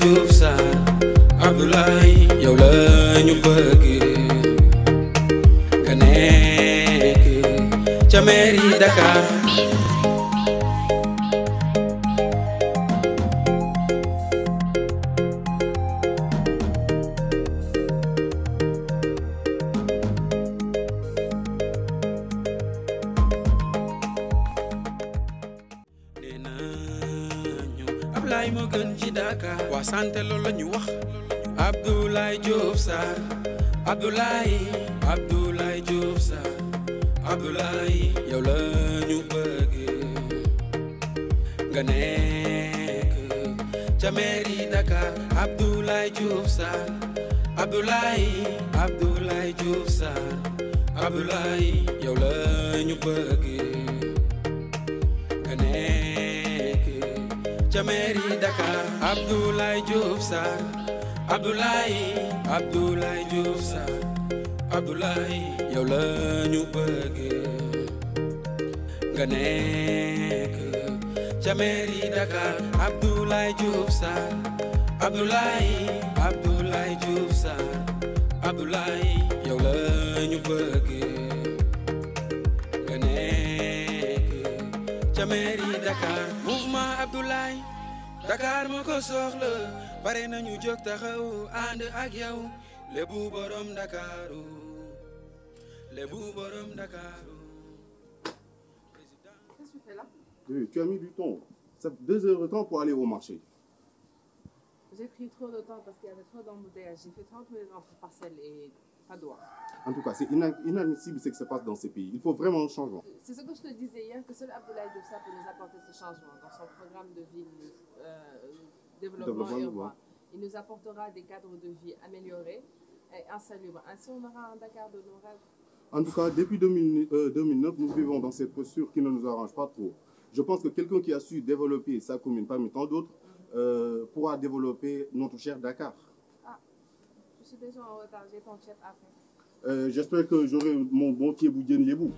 Diouf Sarr Abdoulaye yow la ñu bëgg nga nekk ca mairie Dakar Ndiaye moo gën ci Dakar waa santé loolu la ñu wax Abdoulaye Diouf Sarr la ñu bëgg nga nekk ca mairie Dakar Abdoulaye Diouf Sarr Abdoulaye Abdoulaye Diouf Sarr la ñu ca mairie Dakar Abdoulaye Diouf Sarr Abdoulaye Abdoulaye Diouf Sarr Abdoulaye ñu bëgg nga nekk ca mairie Dakar Abdoulaye Diouf Sarr Abdoulaye Abdoulaye Diouf Sarr Abdoulaye ñu bëgg ca Dakar mouvement Abdoulaye Dakar moo ko soxla pare nañu jóg taxaw ànd ak yow lébu borom Dakaru lébu borom Dakaru. tu as mis du temps. Ça deux heures de temps pour aller au marché. J'ai pris trop de temps parce qu'il y avait trop d'embouteillages. J'ai fait 30 minutes entre Parcelles et Padoue. En tout cas, c'est inadmissible ce qui se passe dans ce pays. Il faut vraiment changement. C'est ce que je te disais que nous apporter ce programme de ville, euh, développement, Il nous apportera des cadres de vie améliorés et insalubres. Ainsi, on aura un de nos rêves. depuis euh, nous vivons dans cette posture qui ne nous arrange pas trop. Je pense que quelqu'un qui a su développer sa commune parmi tant d'autres euh, pourra développer notre cher Dakar. Ah, je suis déjà Euh, J'espère que j'aurai mon bon pied boudien debout.